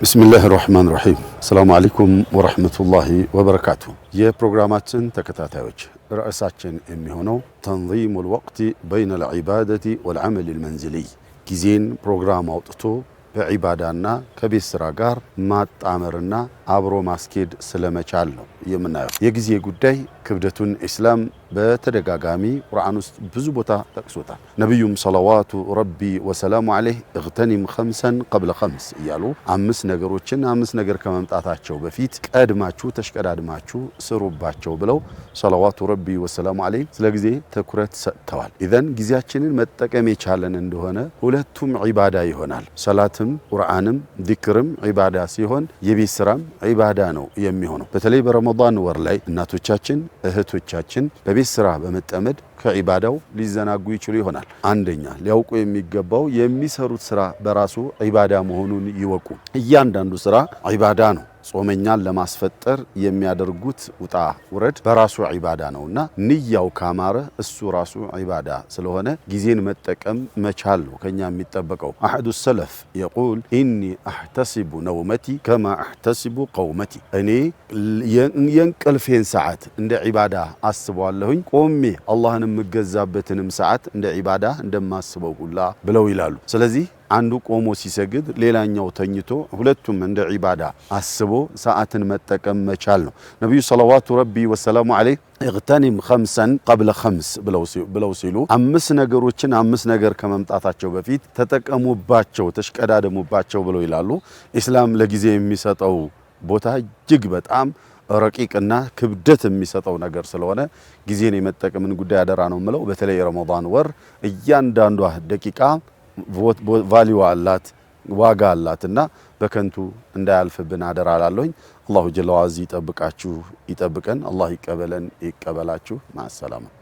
ብስሚላህ ራህማን ራሒም አሰላሙ አለይኩም ወረህመቱላሂ ወበረካቱ። የፕሮግራማችን ተከታታዮች ርዕሳችን የሚሆነው ተንዚሙል ወቅት በይነል ዒባደቲ ወልዓመል አልመንዝሊይ ጊዜን ፕሮግራም አውጥቶ በዒባዳና ከቤት ስራ ጋር ማጣመርና አብሮ ማስኬድ ስለመቻል ነው የምናየው። የጊዜ ጉዳይ ክብደቱን ኢስላም በተደጋጋሚ ቁርአን ውስጥ ብዙ ቦታ ጠቅሶታል። ነቢዩም ሰለዋቱ ረቢ ወሰላሙ አለይህ እግተኒም ከምሰን ቀብለ ከምስ እያሉ አምስት ነገሮችን አምስት ነገር ከመምጣታቸው በፊት ቀድማችሁ ተሽቀዳድማችሁ ስሩባቸው ብለው ሰለዋቱ ረቢ ወሰላሙ አለይህ ስለ ጊዜ ትኩረት ሰጥተዋል። ኢዘን ጊዜያችንን መጠቀም የቻለን እንደሆነ ሁለቱም ዒባዳ ይሆናል። ሰላትም ቁርአንም ዚክርም ዒባዳ ሲሆን የቤት ስራም ዒባዳ ነው የሚሆነው። በተለይ በረመዳን ወር ላይ እናቶቻችን እህቶቻችን በቤት ስራ በመጠመድ ከዒባዳው ሊዘናጉ ይችሉ ይሆናል። አንደኛ ሊያውቁ የሚገባው የሚሰሩት ስራ በራሱ ዒባዳ መሆኑን ይወቁ። እያንዳንዱ ስራ ዒባዳ ነው። ጾመኛን ለማስፈጠር የሚያደርጉት ውጣ ውረድ በራሱ ዒባዳ ነውና ንያው ካማረ እሱ ራሱ ዒባዳ ስለሆነ ጊዜን መጠቀም መቻል ነው ከኛ የሚጠበቀው። አሐዱ ሰለፍ የቁል ኢኒ አሕተሲቡ ነውመቲ ከማ አሕተሲቡ ቀውመቲ፣ እኔ የእንቅልፌን ሰዓት እንደ ዒባዳ አስበዋለሁኝ ቆሜ አላህን የምገዛበትንም ሰዓት እንደ ዒባዳ እንደማስበው ሁላ ብለው ይላሉ። ስለዚህ አንዱ ቆሞ ሲሰግድ ሌላኛው ተኝቶ ሁለቱም እንደ ዒባዳ አስቦ ሰዓትን መጠቀም መቻል ነው። ነቢዩ ሰለዋቱ ረቢ ወሰላሙ ዐለይህ እቅተኒም ከምሰን ቀብለ ከምስ ብለው ሲሉ አምስት ነገሮችን አምስት ነገር ከመምጣታቸው በፊት ተጠቀሙባቸው፣ ተሽቀዳደሙባቸው ብለው ይላሉ። ኢስላም ለጊዜ የሚሰጠው ቦታ እጅግ በጣም ረቂቅና ክብደት የሚሰጠው ነገር ስለሆነ ጊዜን የመጠቀምን ጉዳይ አደራ ነው ምለው በተለይ ረመዳን ወር እያንዳንዷ ደቂቃ ቫሊዩ አላት ዋጋ አላት እና በከንቱ እንዳያልፍብን አደራ አላለሁኝ። አላሁ ጀለ ዋዚ ይጠብቃችሁ ይጠብቀን። አላህ ይቀበለን ይቀበላችሁ። ማሰላማ